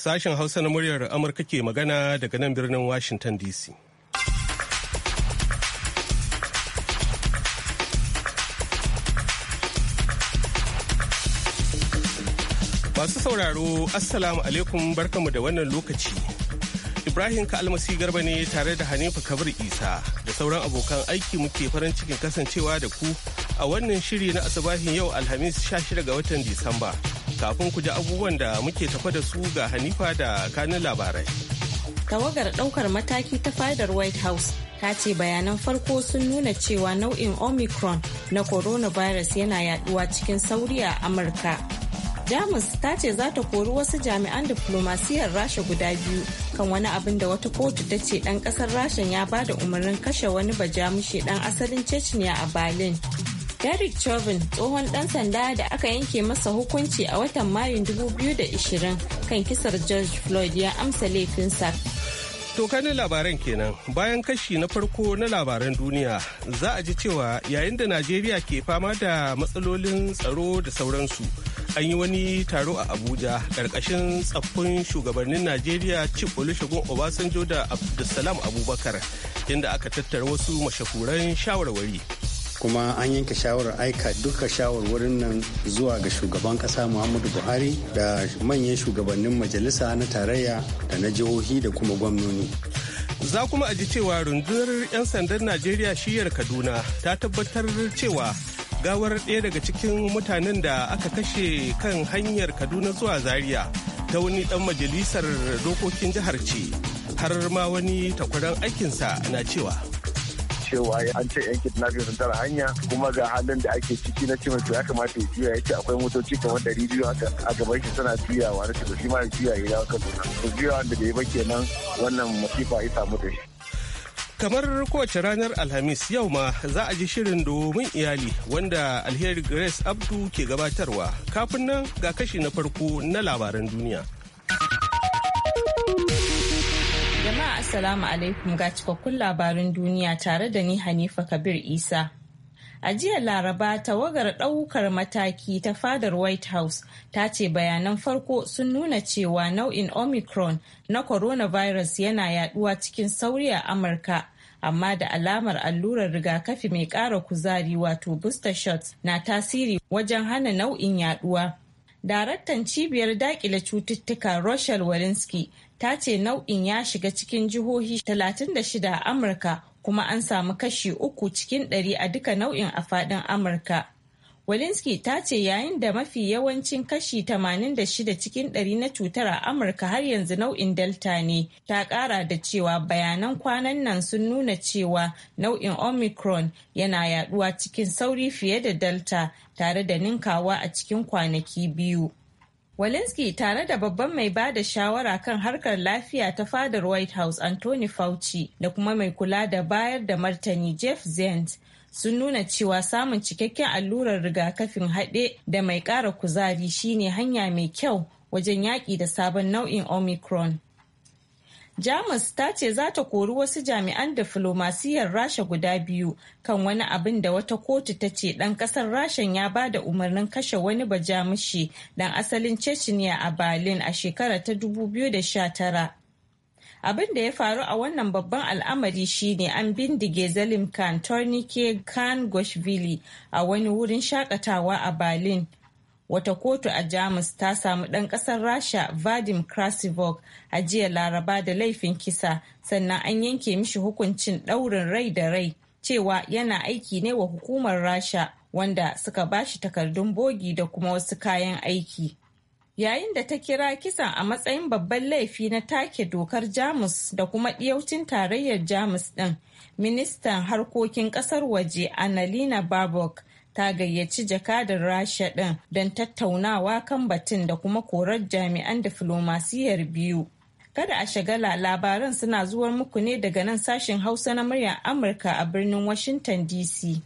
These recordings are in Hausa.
Sashen Hausa na muryar Amurka ke magana daga nan birnin Washington DC. Masu sauraro, Assalamu alaikum barkamu da wannan lokaci. Ibrahim Kalmasi Garba ne tare da Hanifa Kabir Isa da sauran abokan aiki muke farin cikin kasancewa da ku a wannan shiri na asabahin yau Alhamis 16 ga watan Disamba. kafin ku ji abubuwan da muke tafa da su ga Hanifa da kanin labarai. Tawagar ɗaukar mataki ta fadar White House ta ce bayanan farko sun nuna cewa nau'in Omicron na coronavirus yana yaduwa cikin sauri a Amurka. Jamus ta ce za ta kori wasu jami'an diplomasiyar Rasha guda biyu kan wani abin da wata kotu ta ce ɗan ƙasar rashin ya ba da umarnin kashe wani Bajamushi ɗan asalin Chechnya a Berlin. Derek Chauvin tsohon ɗan sanda da aka yanke masa hukunci a watan Mayun 2020 kan kisar George Floyd ya amsa laifinsa. To kanin labaran kenan bayan kashi na farko na labaran duniya za a ji cewa yayin da Najeriya ke fama da matsalolin tsaro da sauransu. An yi wani taro a Abuja ƙarƙashin tsaffin shugabannin Najeriya Chief Olusegun Obasanjo da Abdulsalam Abubakar inda aka tattara wasu mashahuran shawarwari. kuma an yanke shawarar aika duka shawarwarin nan zuwa ga shugaban kasa muhammadu buhari da manyan shugabannin majalisa na tarayya da na jihohi da kuma gwamnoni za kuma a ji cewa rundunar 'yan sandan najeriya shiyar kaduna ta tabbatar cewa gawar ɗaya daga cikin mutanen da aka kashe kan hanyar kaduna zuwa zaria ta wani ɗan majalisar dokokin jihar ce har ma wani takwaran aikinsa na cewa cewa an ce yan kidnapping sun tara hanya kuma ga halin da ake ciki na cewa ya kamata ya juya ya ce akwai motoci kamar ɗari biyu haka a gaban shi suna juyawa na cewa shi ma ya juya ya dawo kan to juyawa da bai ba kenan wannan masifa ya samu da shi. kamar kowace ranar alhamis yau ma za a ji shirin domin iyali wanda alheri grace abdu ke gabatarwa kafin nan ga kashi na farko na labaran duniya. Assalamu alaikum ga cikakkun labarin duniya tare da ni Hanifa Kabir Isa. A jiya Laraba tawagar ɗaukar mataki ta fadar White House ta ce bayanan farko sun nuna cewa nau'in Omicron na coronavirus yana yaduwa cikin sauri a Amurka. Amma da alamar allurar rigakafi mai ƙara kuzari wato booster shots na tasiri wajen hana nau'in yaduwa. Daraktan cibiyar dakile cututtuka Rochelle Walensky ta ce nau'in ya shiga cikin jihohi 36 a Amurka kuma an samu kashi uku cikin ɗari a duka nau'in a faɗin Amurka. Walinski ta ce yayin da mafi yawancin kashi 86 cikin 100 na cutar a Amurka har yanzu nau'in Delta ne, ta ƙara da cewa bayanan kwanan nan sun nuna cewa nau'in Omicron yana yaduwa cikin sauri fiye da Delta tare da ninkawa a cikin kwanaki biyu. Walinski tare da babban mai ba da shawara kan harkar lafiya ta fadar White House Anthony Fauci da kuma mai kula da bayar da martani Jeff Zients sun nuna cewa samun cikakken allurar rigakafin haɗe da mai ƙara kuzari shine hanya mai kyau wajen yaƙi da sabon nau'in omicron jamus ta ce za ta kori wasu jami'an diflomasiyyar rasha guda biyu kan wani abin da wata kotu ta ce ɗan ƙasar rashan ya ba da umarnin kashe wani bajamushi ɗan asalin chechnya a berlin a shekara ta 2019 abin da ya faru a wannan babban al'amari shine an bindige zalim khan tornike khan goshvili a wani wurin shakatawa a berlin wata kotu a jamus ta samu ɗan ƙasar rasha vadim Krasivok a jiya laraba da laifin kisa sannan an yanke mishi hukuncin ɗaurin rai da rai cewa yana aiki ne wa hukumar rasha wanda suka bashi takardun bogi da kuma wasu kayan aiki yayin da ta kira kisan a matsayin babban laifi na take dokar jamus da kuma ɗiyaucin tarayyar jamus ɗin ministan harkokin ƙasar waje annalina babok ta gayyaci jakadar rasha ɗin don tattaunawa kan batun da kuma korar jami'an diflomasiyyar biyu kada a shagala labaran suna zuwar muku ne daga nan sashen hausa na muryar amurka a birnin washington dc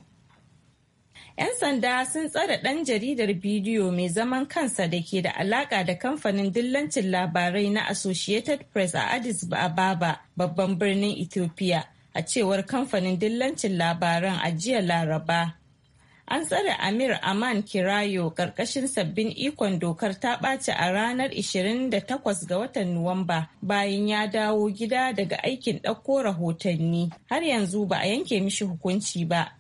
'Yan sanda sun tsare ɗan jaridar bidiyo mai zaman kansa da ke da alaƙa da kamfanin dillancin labarai na Associated Press a Addis Ababa, babban birnin Ethiopia, a cewar kamfanin dillancin labaran a jiya Laraba. An tsare Amir Aman Kirayo ƙarƙashin sabbin ikon dokar ta ɓaci a ranar 28 ga watan Nuwamba bayan ya dawo gida daga aikin ɗauko rahotanni. Har yanzu ba a yanke mishi hukunci ba.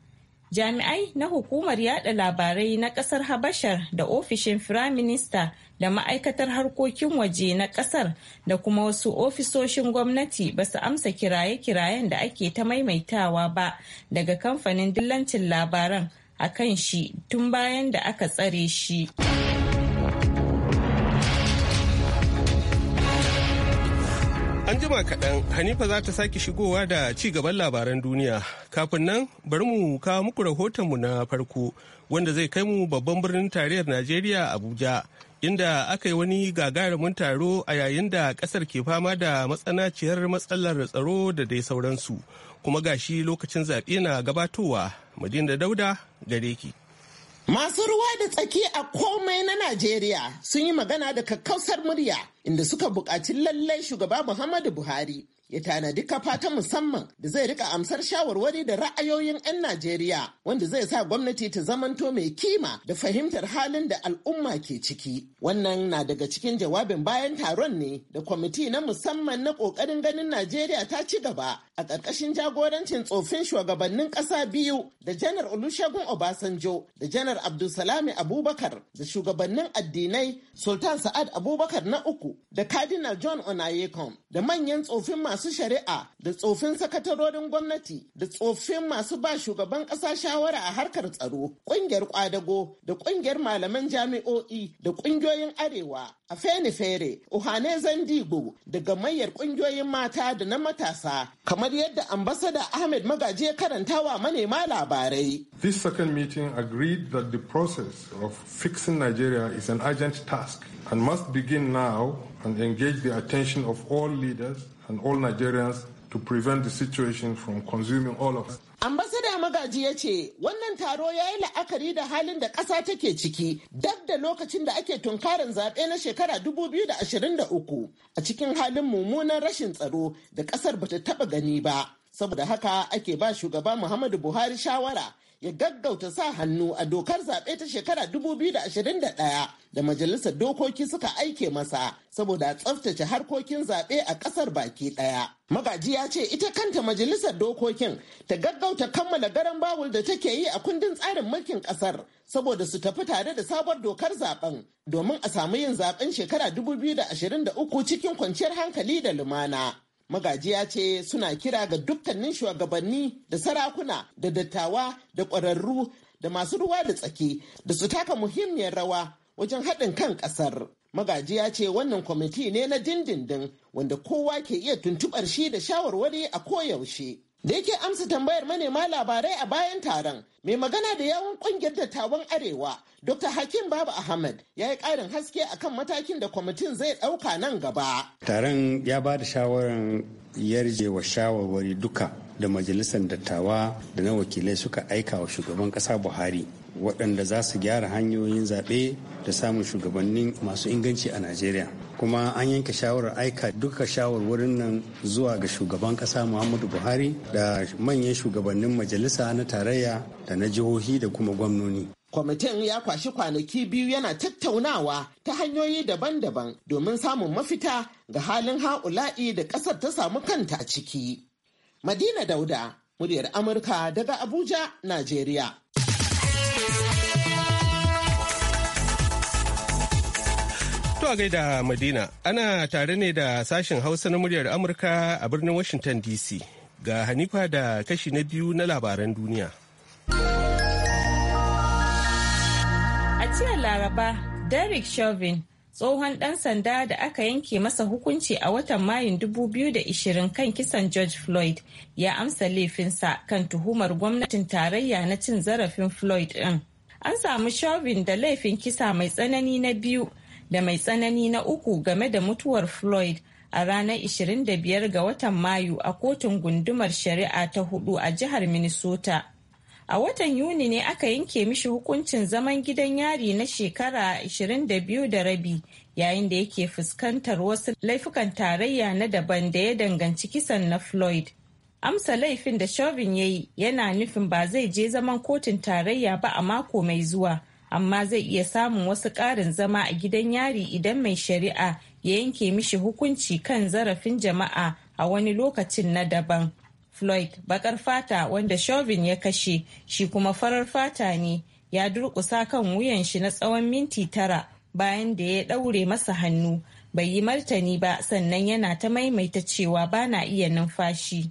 jami'ai na hukumar yada labarai na kasar habashar da ofishin firaminista da ma'aikatar harkokin waje na kasar da kuma wasu ofisoshin gwamnati ba su amsa kiraye-kirayen da ake ta maimaitawa ba daga kamfanin dillancin labaran a kan shi tun bayan da aka tsare shi. An jima kaɗan Hanifa za ta sake shigowa da ci gaban labaran duniya. Kafin nan bari mu kawo muku rahotonmu na farko wanda zai kai mu babban birnin tarayyar Najeriya Abuja inda aka yi wani gagarumin taro a yayin da ƙasar ke fama da matsanaciyar matsalar tsaro da dai sauransu. Kuma gashi lokacin zaɓe na gabatowa. Madina Dauda gare ki. Masu ruwa da tsaki a komai na Najeriya sun yi magana da kakkausar murya inda suka buƙaci lallai shugaba Muhammadu Buhari ya tanadi kafa ta musamman da zai rika amsar shawarwari da ra'ayoyin 'yan Najeriya wanda zai sa gwamnati ta zamanto mai kima da fahimtar halin da al'umma ke ciki. Wannan na daga cikin jawabin bayan taron ne da kwamiti na musamman na ƙoƙarin ganin Najeriya ta ci gaba a ƙarƙashin jagorancin tsofin shugabannin ƙasa biyu da janar Olusegun Obasanjo da janar Abdulsalami Abubakar da shugabannin addinai Sultan Sa'ad Abubakar na uku da Cardinal John Onayekom da manyan tsofin masu shari'a da tsofin sakatarorin gwamnati da tsofin masu ba shugaban ƙasa shawara a harkar tsaro ƙungiyar ƙwadago da ƙungiyar malaman jami'o'i da ƙungiyoyin arewa a fene-fere ohanezen digo daga mayar kungiyoyin mata da na matasa kamar yadda ambasada ahmed magaji ya karanta wa manema labarai this second meeting agreed that the process of fixing nigeria is an urgent task and must begin now and engage the attention of all leaders and all nigerians to prevent the situation from consuming all of us. Ambasada Magaji ya ce wannan taro ya yi la'akari da halin da ƙasa take ciki dab da lokacin da ake tunkarin zaɓe na shekara 2023 a cikin halin mummunan rashin tsaro da ƙasar bata taɓa gani ba. Saboda haka ake ba shugaba Muhammadu Buhari shawara ya gaggauta sa hannu a dokar zaɓe ta shekara 2021 da majalisar dokoki suka aike masa saboda tsaftace harkokin zaɓe a ƙasar baki ɗaya. Magaji ya ce ita kanta majalisar dokokin ta gaggauta kammala garan bawul da take yi a kundin tsarin mulkin ƙasar saboda su tafi tare da sabuwar dokar zaɓen domin a samu yin zaɓen shekara 2023 cikin kwanciyar hankali da lumana. Magajiya ce suna kira ga dukkanin shugabanni da sarakuna da dattawa da ƙwararru da masu ruwa da tsaki da su taka muhimmiyar rawa wajen haɗin kan ƙasar. Magajiya ce wannan kwamiti ne na dindindin wanda kowa ke iya tuntuɓar shi da shawarwari a koyaushe. Da yake amsa tambayar manema labarai a bayan taron, mai magana da yawon kungiyar dattawan Arewa, Dr. Hakim babu Ahmad ya yi ƙarin haske akan matakin da kwamitin zai ɗauka nan gaba. Taron ya ba da shawarar yarjewa shawarwari duka da majalisar dattawa da na wakilai suka aika wa shugaban ƙasa Buhari waɗanda za su gyara hanyoyin zaɓe da samun shugabannin masu inganci a najeriya kuma an yanke shawarar aika duka shawarwarin nan zuwa ga shugaban ƙasa muhammadu buhari da manyan shugabannin majalisa na tarayya da na jihohi da kuma gwamnoni kwamitin ya kwashi kwanaki biyu yana tattaunawa ta hanyoyi daban-daban domin samun mafita ga halin ha'ula'i da ƙasar ta samu kanta a ciki madina dauda muryar amurka daga abuja najeriya To gaida Madina, ana tare ne da sashen Hausa na muryar Amurka a birnin Washington DC. Ga Hanifa da kashi na biyu na labaran duniya. A jiya Laraba, Derek Chauvin tsohon ɗan sanda da aka yanke masa hukunci a watan mayun 2020 kan kisan george floyd ya amsa laifinsa kan tuhumar gwamnatin tarayya na cin zarafin floyd ɗin an samu chauvin da laifin kisa mai tsanani na biyu da mai tsanani na uku game da mutuwar floyd a ranar 25 ga watan mayu a kotun gundumar shari'a ta hudu a jihar minnesota A watan Yuni ne aka yanke mishi hukuncin zaman gidan yari na shekara 22 da rabi yayin da yake fuskantar wasu laifukan tarayya na daban da ya danganci kisan na Floyd. Amsa laifin da Chauvin ya yi yana nufin ba zai je zaman kotun tarayya ba a mako mai zuwa, amma zai iya samun wasu ƙarin zama a gidan yari idan mai shari'a ya yanke mishi hukunci kan zarafin jama'a a wani lokacin na daban. Floyd bakar fata wanda Chauvin ya kashe shi kuma farar fata ne ya durƙusa kan wuyan shi na tsawon minti tara bayan da ya ɗaure masa hannu bai yi martani ba sannan yana ta maimaita cewa bana iya numfashi.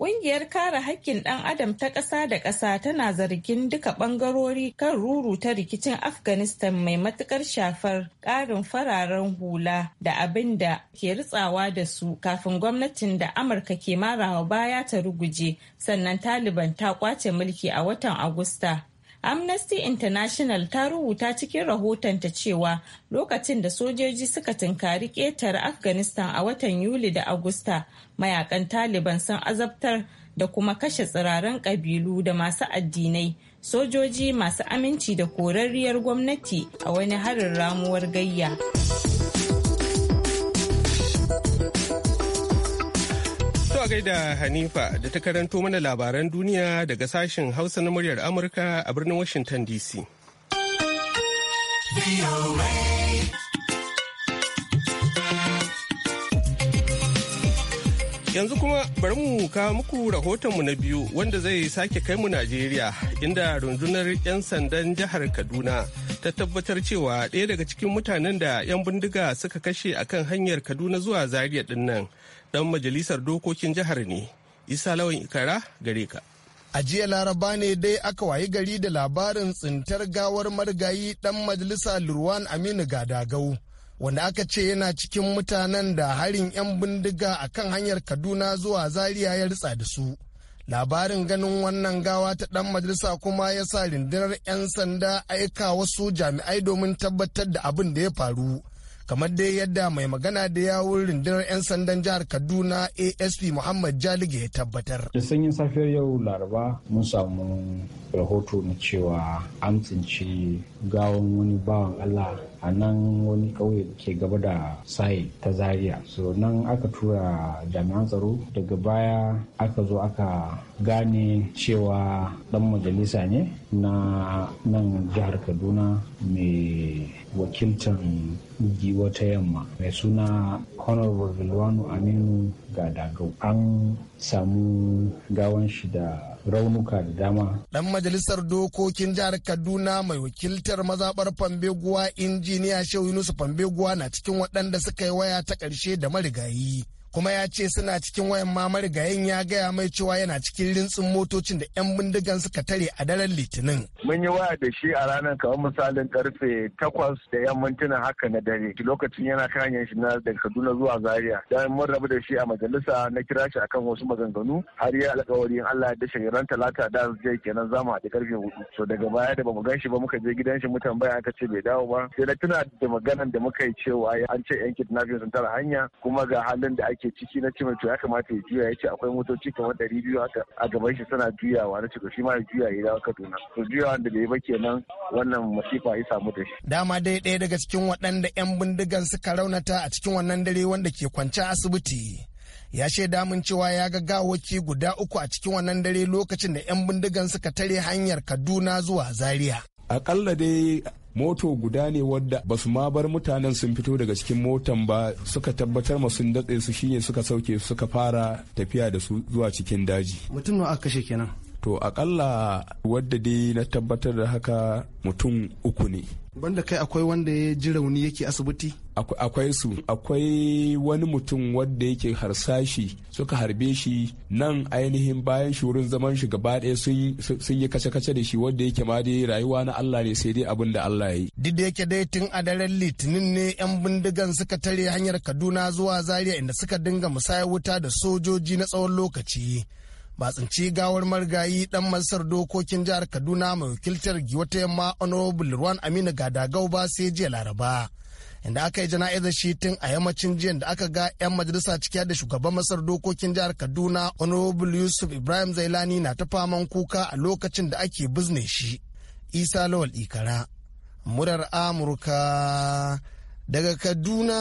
Ƙungiyar kare haƙƙin ɗan adam ta ƙasa da ƙasa tana zargin duka ɓangarori kan ruru ta rikicin Afghanistan mai matuƙar shafar ƙarin fararen hula da abin da ke ritsawa da su kafin gwamnatin da Amurka ke marawa baya ta ruguje sannan Taliban ta ƙwace mulki a watan Agusta. amnesty international ta rubuta cikin rahotonta cewa lokacin da sojoji suka tunkari ƙetare afghanistan a watan yuli da agusta mayakan taliban sun azabtar da kuma kashe tsiraren ƙabilu da masu addinai sojoji masu aminci da korarriyar gwamnati a wani harin ramuwar gayya. To a gaida Hanifa da ta karanto mana labaran duniya daga sashen Hausa na muryar Amurka a birnin Washington DC. Yanzu kuma bari mu kawo muku rahotonmu na biyu wanda zai sake kai mu Najeriya inda rundunar 'yan sandan jihar Kaduna ta tabbatar cewa ɗaya daga cikin mutanen da 'yan bindiga suka kashe akan hanyar Kaduna zuwa Zaria ɗin nan dan majalisar dokokin jihar ne isa lawan ikara gare ka A jiya laraba ne dai aka wayi gari da labarin tsintar gawar marigayi ɗan majalisa Lurwan Aminu Gadagau, wanda aka ce yana cikin mutanen da harin 'yan bindiga a kan hanyar Kaduna zuwa Zariya ya ritsa da su. Labarin ganin wannan gawa ta ɗan majalisa kuma ya sa rindirar 'yan sanda aika wasu jami'ai domin tabbatar da abin da ya faru. kamar dai yadda mai magana da yawun rundunar 'yan sandan jihar kaduna asp muhammad jalige ya tabbatar da sanyin safiyar yau laraba mun samu rahoto na cewa an tsinci gawon wani bawan allah a nan wani ƙauye ke gaba da sahil ta zaria so nan aka tura jami'an tsaro daga baya aka zo aka gane cewa dan majalisa ne na nan jihar kaduna mai wakiltar giwa ta yamma mai suna honorable bilwanu aminu gadagau an samu gawan shi da raunuka da dama. Dan majalisar dokokin jihar Kaduna mai wakiltar mazabar Fambeguwa injiniya Shehu Yunus Fambeguwa na cikin waɗanda suka yi waya ta ƙarshe da marigayi. kuma ya ce suna cikin wayan ga yin ya gaya mai cewa yana cikin rintsin motocin da 'yan bindigan suka tare a daren litinin. Mun yi waya da shi a ranar kamar misalin karfe takwas da 'yan mintuna haka na dare. Lokacin yana kan shi na daga Kaduna zuwa Zaria. Dan mun rabu da shi a majalisa na kira shi akan wasu maganganu har ya alƙawarin Allah ya dashe ran talata da zai kenan za mu haɗu karfe hudu. So daga baya da bamu gan shi ba muka je gidan shi mutan baya aka ce bai dawo ba. Sai na tuna da maganan da muka yi cewa an ce 'yan kidnapping sun tara hanya kuma ga halin da ake yake ciki na ce to ya kamata ya juya ya ce akwai motoci kamar ɗari biyu haka a gaban shi suna juyawa na ce shi ma ya juya ya dawo Kaduna to juyawa da bai ba nan wannan masifa ya samu da shi. Dama dai ɗaya daga cikin waɗanda 'yan bindigan suka raunata a cikin wannan dare wanda ke kwance asibiti. ya shaida min cewa ya ga gawaki guda uku a cikin wannan dare lokacin da 'yan bindigan suka tare hanyar kaduna zuwa zaria akalla dai moto guda ne wadda ba su ma bar mutanen sun fito daga cikin motan ba suka tabbatar ma sun datse su shine suka sauke suka fara tafiya da su zuwa cikin daji mutum a aka kashe kenan to akalla wadda dai na tabbatar da haka mutum uku ne banda kai akwai wanda ya ji rauni yake asibiti akwai su akwai wani mutum wadda yake harsashi suka harbe shi nan ainihin bayan shi wurin zaman shi gaba ɗaya sun yi kace-kace da shi wadda yake ma dai rayuwa na Allah ne sai dai abin da Allah ya yi duk da yake dai tun a daren litinin ne yan bindigan suka tare hanyar Kaduna zuwa Zaria inda suka dinga musayar wuta da sojoji na tsawon lokaci ba tsinci gawar marigayi dan masar dokokin jihar kaduna mai wakiltar giwata yamma honorable ruwan aminu gadagau ba sai jiya laraba inda aka yi jana'izar shi tun a yammacin jiya da aka ga 'yan majalisa cike da shugaban masar dokokin jihar kaduna honorable yusuf ibrahim zailani na ta faman kuka a lokacin da ake bizne shi isa lawal ikara murar amurka daga kaduna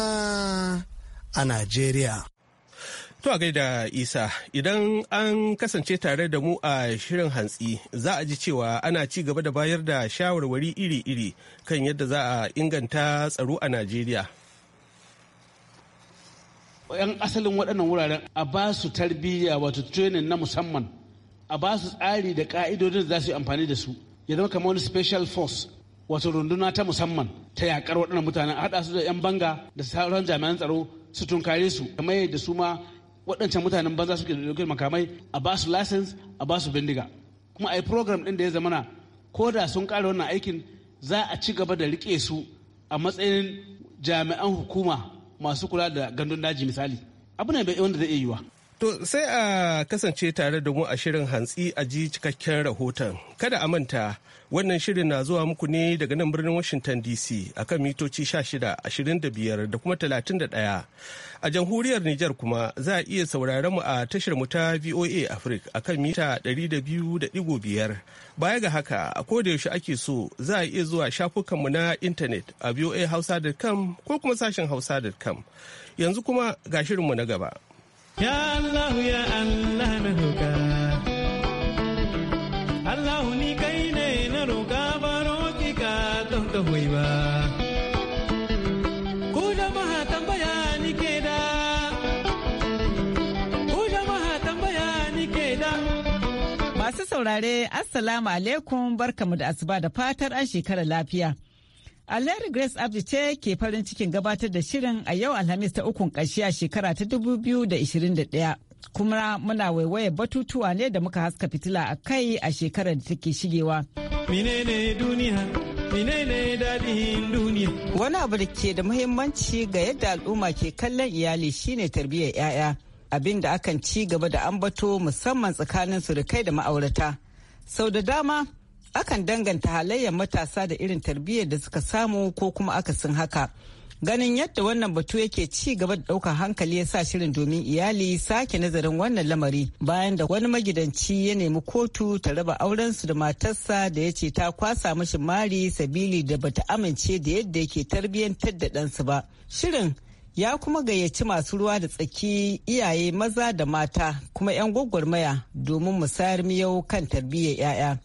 a najeriya To a gaida Isa, idan an kasance tare da mu a shirin hantsi za a ji cewa ana ci gaba da bayar da shawarwari iri-iri kan yadda za a inganta tsaro a Najeriya. ‘Yan asalin waɗannan wuraren a ba su tarbiyya wato training na musamman, a ba su tsari da ƙa'idodin da za su yi amfani da su, ya zama kamar wani special force wato runduna ta musamman ta yaƙar waɗannan mutanen a haɗa su da 'yan banga da sauran jami'an tsaro su tunkare su kamar yadda su ma waɗancan mutanen banza suke da dokar makamai a ba su license a ba su bindiga kuma a yi program ɗin da ya zamana ko da sun ƙara wannan aikin za a ci gaba da riƙe su a matsayin jami'an hukuma masu kula da gandun daji misali abu ne wanda zai iya yiwa To sai a kasance tare da mu a shirin hantsi a ji cikakken rahoton. Kada a manta Wannan shirin na zuwa muku ne daga nan birnin Washington DC a kan mitoci 16, 25 da kuma 31. A jamhuriyar Nijar kuma za a iya sauraron mu a tashar mu ta VOA Africa a kan mita 200.5. Baya ga haka a yaushe ake so za a iya zuwa shafukanmu na intanet a voahausa.com ko kuma sashen hausa.com. Yanzu kuma ga shirinmu na gaba. Ya Allah ya Allah na Allah ni kai saurare Assalamu alaikum barkamu da asuba da fatar an shekara lafiya. Alheri Grace Abdi ce ke farin cikin gabatar da shirin a yau Alhamis ta ukun ƙarshe a shekara ta 2021. Kuma muna waiwaye batutuwa ne da muka haska fitila a kai a shekarar da take shigewa. Wani abu da ke da muhimmanci ga yadda al'umma ke kallon iyali shine tarbiyyar 'ya'ya. abin da akan ci gaba da ambato musamman tsakanin su da kai da ma'aurata. Sau da dama akan danganta halayyar matasa da irin tarbiyyar da suka samu ko kuma aka akasin haka. Ganin yadda wannan batu yake ci gaba da ɗaukar hankali ya sa shirin domin iyali sake nazarin wannan lamari bayan da wani magidanci ya nemi kotu ta raba aurensu da matarsa da ya ce ta kwasa mashi mari sabili da bata amince da yadda yake tarbiyyantar da ɗansu ba. Shirin ya kuma gayyaci masu ruwa da tsaki iyaye maza da mata kuma 'yan gwagwarmaya domin musayar miyau kan tarbiyyar 'ya'ya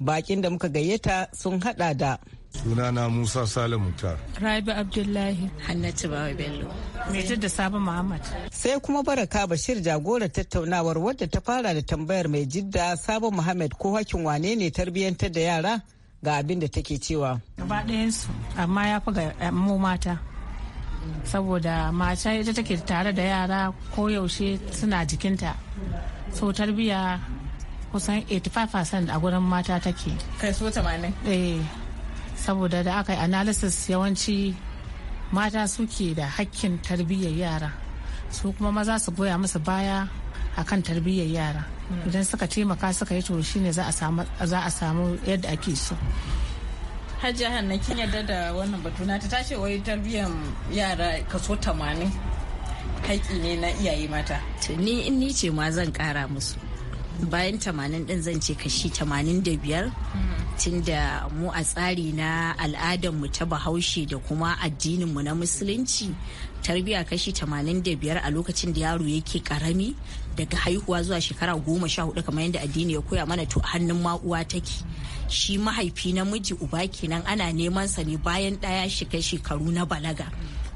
bakin da muka gayyata sun hada da sunana musa salim muktar rabi abdullahi hannatu bawa bello mai da sabon muhammad sai kuma baraka bashir jagorar tattaunawar wadda ta fara da tambayar mai jidda sabon muhammad ko hakin wane ne tarbiyyantar da yara ga abin da take cewa gaba ɗayansu amma ya fi ga mu mata saboda mace ita take tare da yara koyaushe suna jikinta so tarbiya kusan 85% a gurin mata take kai so 80 eh saboda da aka yi analysis yawanci mata suke da hakkin tarbiyyar yara su kuma maza su goya musu baya akan tarbiyyar yara hmm. idan suka taimaka suka yi to shine za a samu yadda ake so hajji Hanna kin yarda da wannan batu na ta tace wai tarbiyyar yara kaso 80 haƙi ne na iyaye mata. To ni in ni ce ma zan ƙara musu. Bayan tamanin din zan ce kashi tamanin da tun tunda mu a tsari na al'adarmu ta bahaushe da kuma addininmu na musulunci tarbiyya kashi 85 a lokacin da yaro yake karami daga haihuwa zuwa shekara goma sha hudu kamar yadda addini ya koya mana to hannun ma uwa take shi mahaifi namiji uba kenan ana neman sa ne bayan ɗaya shiga shekaru na balaga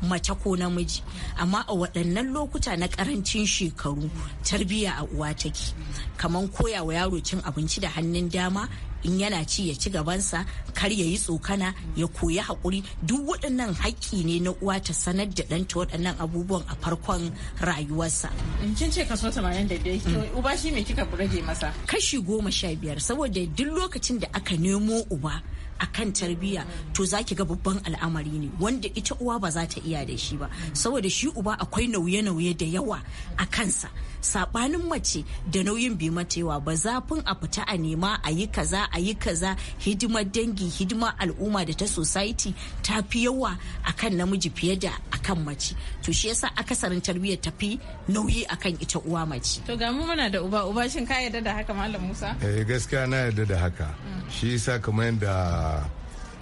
mace ko namiji amma a waɗannan lokuta na ƙarancin shekaru tarbiyya a uwa take kamar koya wa yaro cin abinci da hannun dama in yana ci ya ci gabansa kar ya yi tsokana ya koyi haƙuri duk waɗannan haƙƙi ne na uwa ta sanar da ɗanta waɗannan abubuwan a farkon rayuwarsa. in kin ce kaso tamanin da biyar mm. uba shi me kika rage masa. kashi goma sha biyar saboda duk lokacin da aka nemo uba akan tarbiyya to za ki ga babban al'amari ne wanda ita uwa ba za ta iya da shi ba saboda shi uba akwai nauye-nauye da yawa a kansa sabanin mace da nauyin mata yawa ba zafin a fita a nema a yi kaza a yi kaza hidimar dangi hidimar al'umma da ta society ta fi yawa akan namiji fiye da akan mace to shi yasa akasarin tarbiyya ta fi nauyi akan ita uwa mace to ga mu muna da uba uba shin ka yarda da haka malam Musa eh gaskiya na yarda da haka mm. shi yasa kamar yadda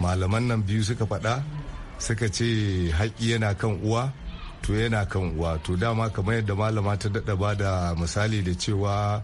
malaman nan biyu suka faɗa suka ce haƙi yana kan uwa to yana kan uwa to dama kamar yadda malama ta daɗa ba da misali da cewa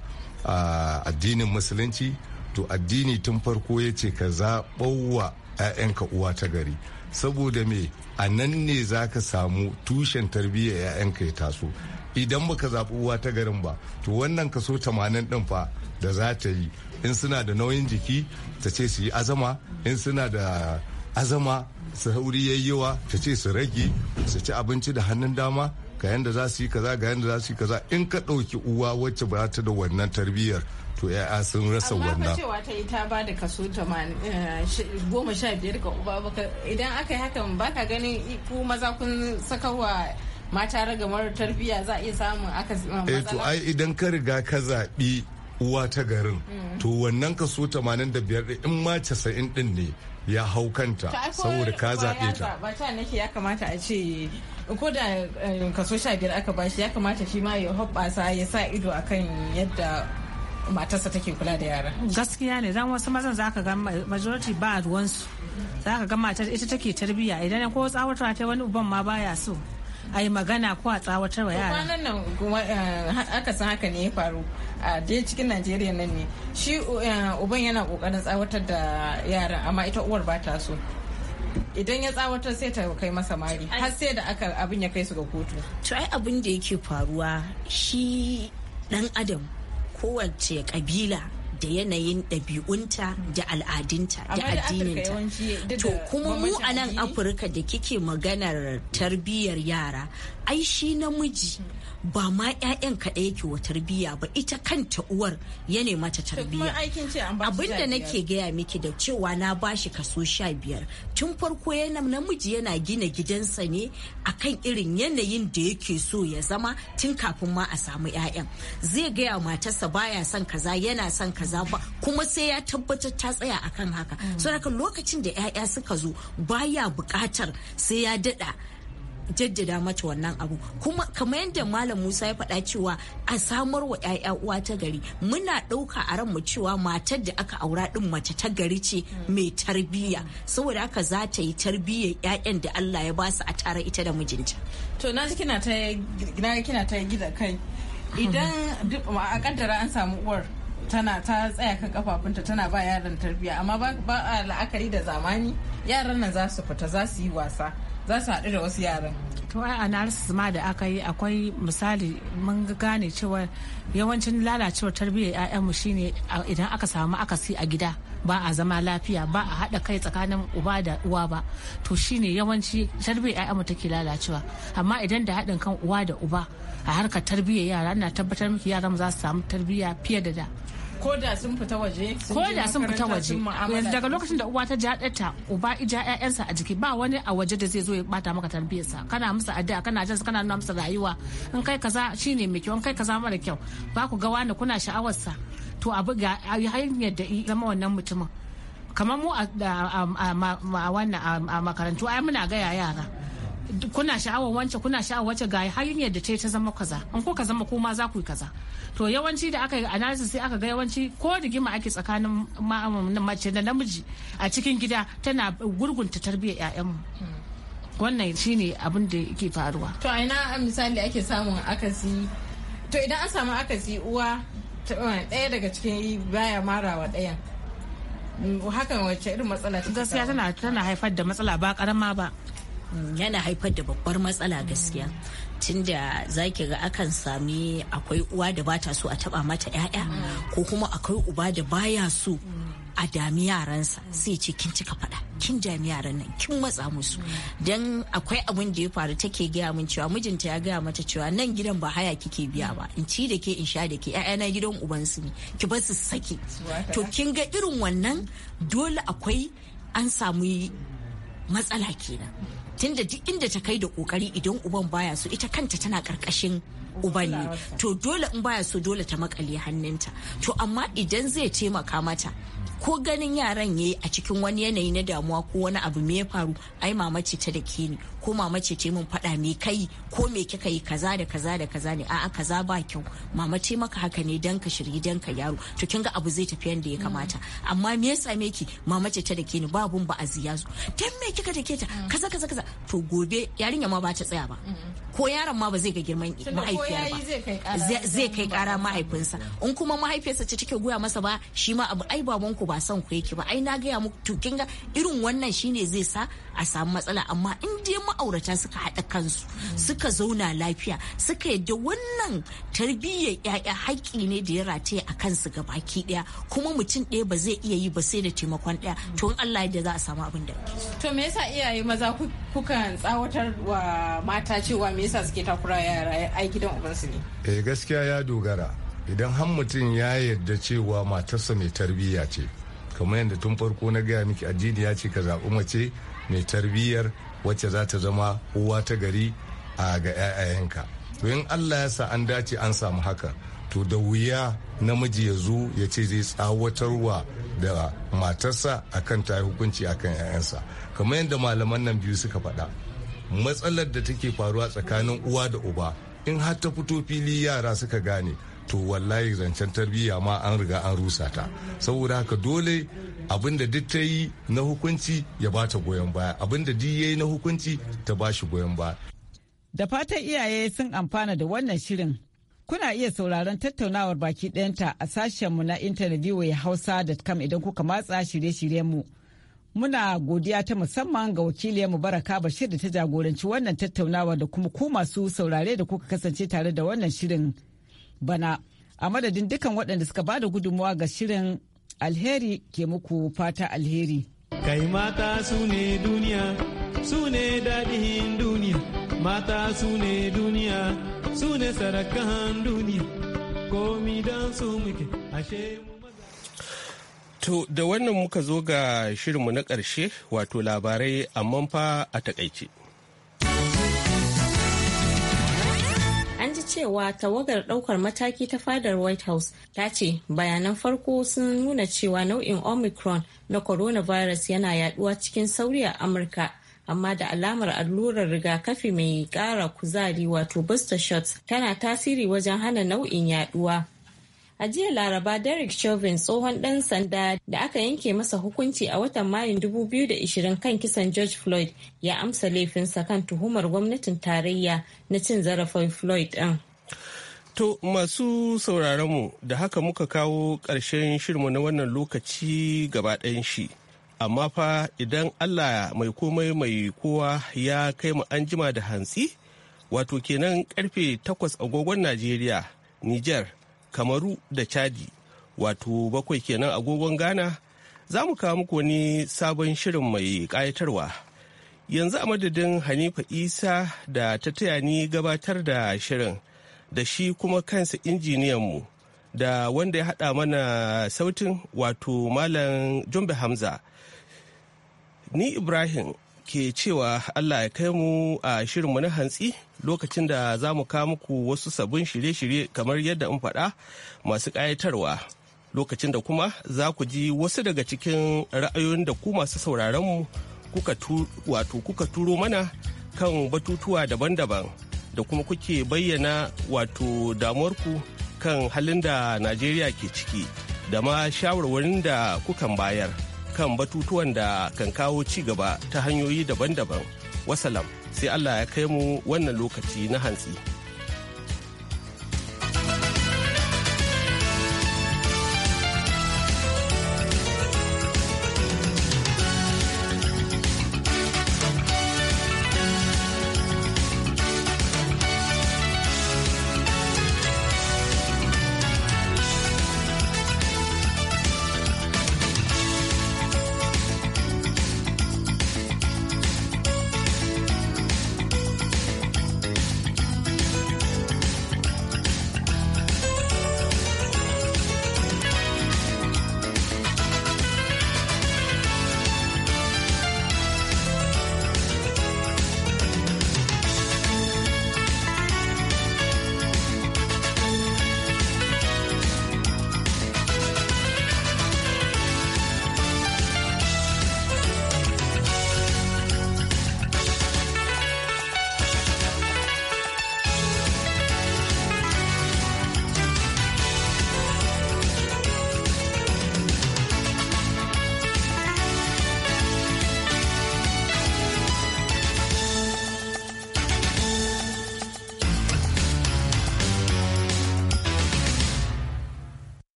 addinin musulunci to addini tun farko ya ce ka zaɓauwa 'ya'yanka uwa ta gari saboda me a nan ne za ka samu tushen tarbiyyar 'ya'yanka ya taso idan baka zaɓi uwa ta garin ba to wannan kaso 80 ɗin fa da za ta yi in suna da nauyin jiki ta ce su yi azama in suna da azama su hauri yayyewa ta ce su rage su ci abinci da hannun dama ga yanda za su yi kaza ga yanda za su yi kaza in ka ɗauki uwa wacce ba ta da wannan tarbiyyar to ya'ya sun rasa wannan amma ta yi ta ba da kaso eh, goma sha biyar ga uba idan aka yi hakan baka ganin ku maza kun wa. mata ragamar tarbiyya za a iya samun aka eh, matsala? to ai idan ka riga ka zaɓi uwa ta garin mm. to wannan kaso 85 in ma 90 din ne ya hau kanta saboda ka zaɓe ta. Ba ta nake ya kamata a ce ko da eh, kaso 15 aka bashi ya kamata shi ma ya hoɓɓasa ya sa ido akan yadda matarsa take kula da yara. Gaskiya ne zan wasu mazan zaka ga majority ba ruwansu. Zaka ga matar ita take tarbiyya idan ko tsawatar ta wani uban ma baya so. a yi magana ko a tsawatar wa yara kwanan nan eh, aka san haka ne ya faru a dai cikin najeriya nan ne shi eh, uban yana kokarin tsawatar da yara amma ita uwar ba ta so idan ya tsawatar sai ta kai masa mari har sai da aka abin ya kai su ga kotu to ai abin da yake faruwa shi dan adam kowace kabila da yanayin ɗabi'unta da al'adinta da addininta to kuma mu a nan afirka da kike maganar tarbiyyar yara ai shi namiji ba ma 'ya'yan kaɗai yake wa tarbiyya ba ita kanta uwar ya mata tarbiyya abinda nake gaya miki da cewa na bashi kaso sha biyar tun farko yana namiji yana gina gidansa ne akan irin yanayin da yake so ya zama tun kafin ma a samu 'ya'yan zai gaya matarsa baya son kaza yana son kaza kaza kuma sai ya tabbatar ta tsaya akan haka mm. so lokacin da 'ya'ya suka zo baya bukatar sai ya dada jaddada mata wannan abu kuma kamar yadda malam musa ya faɗa cewa a samar wa 'ya'ya uwa ta gari muna ɗauka a ranmu cewa matar da aka aura ɗin mace ta gari ce mm. mai tarbiyya saboda haka za ta yi tarbiyya 'ya'yan da allah ya ba su a tare ita da mijinta to na ji kina ta yi gida kai idan a kaddara an samu uwar tana ta tsaya kan kafafunta tana ba yaran tarbiyya amma ba a la'akari da zamani yaran nan za su fita za su yi wasa za su haɗu da wasu yaran to ai analysis ma da aka yi akwai misali mun gane cewa yawancin lalacewar tarbiyyar 'ya'yanmu shine idan aka samu akasi a gida ba a zama lafiya ba a haɗa kai tsakanin uba da uwa ba to shine yawanci tarbiyyar mu take lalacewa amma idan da haɗin kan uwa da uba a harkar tarbiyyar yara na tabbatar miki yaran za su samu tarbiyya fiye da da ko sun fita waje ko sun fita waje daga lokacin da uwa ta ja uba ija ƴaƴansa a jiki ba wani a waje da zai zo ya bata maka tarbiyarsa kana musu addu'a kana jin kana nuna musu rayuwa in kai kaza shine mai kyau in kai kaza mara kyau ba ku ga wani kuna sha'awarsa to abu ga hanyar da zama wannan mutumin kamar mu a wannan a makarantu ai muna gaya yara kuna sha'awar wance kuna sha'awar wace ga hanyar da ta zama kaza an ko ka zama kuma za ku yi kaza to yawanci da aka yi analysis sai aka ga yawanci ko rigima ake tsakanin mace da namiji a cikin gida tana gurgunta tarbiyyar ƴaƴanmu. wannan shine abin da yake faruwa to a ina misali ake samun akasi to idan an samu akasi uwa eh, ɗaya daga cikin baya marawa ɗayan hakan wacce irin matsala ta gaskiya tana tana haifar da matsala ba karama ba yana haifar da babbar matsala gaskiya tunda za ki ga akan sami akwai uwa da bata so a taba mata 'ya'ya ko kuma akwai uba da baya so a dami yaransa sai ce kin cika fada kin dami yaran nan kin matsa musu dan akwai abin da ya faru take gaya min cewa mijinta ya gaya mata cewa nan gidan ba haya kike biya ba in ci da ke in sha da ke ƴaƴana gidan uban su ne ki ba su saki to kin ga irin wannan dole akwai an samu matsala kenan tunda duk inda ta kai da kokari idan uban baya so ita kanta tana karkashin ubanne to dole in baya so dole ta makale hannunta to amma idan zai taimaka mata ko ganin yaran ya a cikin wani yanayi na damuwa ko wani abu me ya faru ai mama ta da ke ni ko mama ce mun min faɗa me kai ko me kika yi kaza da kaza da kaza ne a'a kaza ba kyau mama maka haka ne dan ka shirye dan ka yaro to kin ga abu zai tafi yanda ya kamata amma me ya same ki mama ta da ke ni babun ba a ziyazu dan me kika take ta mm. kaza kaza kaza to gobe yarinya ma ba ta tsaya ba ko yaron ma ba zai ga girman mahaifi zai kai kara mahaifinsa in kuma mahaifinsa ce take goya masa ba shi ma abu ai baban ku ba son ku yake ba ai na gaya muku to kin irin wannan shine zai sa a samu matsala amma in dai ma'aurata suka haɗa kansu suka zauna lafiya suka yadda wannan tarbiyyar ya'ya haƙƙi ne da ya rataye a kansu gabaki ɗaya kuma mutum ɗaya ba zai iya yi ba sai da taimakon ɗaya to in Allah yadda za a samu abin da to me yasa iyaye maza kukan tsawatar wa mata cewa me yasa suke takura yara ai gidan ne eh gaskiya ya dogara idan har mutum ya yarda cewa matarsa mai tarbiyya ce kamar yadda tun farko na gaya miki addini ya ce ka zaɓi mace mai tarbiyyar wacce za ta zama uwa ta gari a ga 'ya'yayenka to in allah ya sa an dace an samu haka to da wuya namiji ya zo ya ce zai tsawatarwa da matarsa akan ta hukunci akan 'ya'yansa kamar yadda malaman nan biyu suka faɗa matsalar da take faruwa tsakanin uwa da uba in har ta fito fili yara suka gane to wallahi zancen tarbiyya ma an riga an rusa ta saboda haka dole abinda duk ta yi na hukunci ya ba ta goyon baya abinda duk ya yi na hukunci ta ba shi goyon baya da fatan iyaye sun amfana da wannan shirin kuna iya sauraron tattaunawar baki ɗayanta a sashenmu na intanet da hausa.com idan kuka matsa shirye-shiryenmu mu Muna godiya ta musamman ga wakiliyar Mubaraka Bashir da ta jagoranci wannan tattaunawa da kuma ku masu saurare da kuka kasance tare da wannan shirin bana. A madadin dukan waɗanda suka bada gudunmawa ga shirin alheri ke muku fata alheri. Kai mata su ne duniya, su ne daɗin duniya, mata su ne duniya, su ne sarakan duniya, komi don su muke ashe mu. To da wannan muka zo ga shirinmu na ƙarshe wato labarai amma fa a takaice. An ji cewa tawagar ɗaukar mataki ta fadar White House ta ce bayanan farko sun nuna cewa nau'in Omicron na coronavirus yana yaduwa cikin sauri a Amurka. amma da alamar allurar rigakafi mai ƙara kuzari wato booster shots tana tasiri wajen hana nau'in yaduwa A jiya Laraba Derek Chauvin tsohon ɗan sanda da aka yanke masa hukunci a watan Mayun 2020 kan kisan George Floyd ya amsa laifinsa kan tuhumar gwamnatin tarayya na cin zarafin Floyd ɗin. To masu sauraronmu da haka muka kawo ƙarshen shirmu na wannan lokaci gaba ɗayan shi. Amma fa idan Allah mai komai mai kowa ya kai mu an jima da hantsi, wato kenan karfe takwas agogon Najeriya, niger. kamaru da chadi wato bakwai kenan agogon ghana za mu kawo muku wani sabon shirin mai ƙayatarwa yanzu a madadin hanifa isa da ta taya ni gabatar da shirin da shi kuma kansa mu da wanda ya haɗa mana sautin wato malam jumbe hamza ni ibrahim ke cewa Allah ya kai mu a shirinmu na hantsi lokacin da za mu kawo muku wasu sabbin shirye-shirye kamar yadda in faɗa masu ƙayatarwa. Lokacin da kuma za ku ji wasu daga cikin ra'ayoyin da ku masu sauraronmu wato kuka turo mana kan batutuwa daban-daban da kuma kuke bayyana wato damuwarku kan halin da Najeriya ke ciki da ma shawarwarin da kukan bayar. kan batutuwan da kan kawo ci gaba ta hanyoyi daban-daban. Wasalam sai Allah ya kai mu wannan lokaci na hantsi.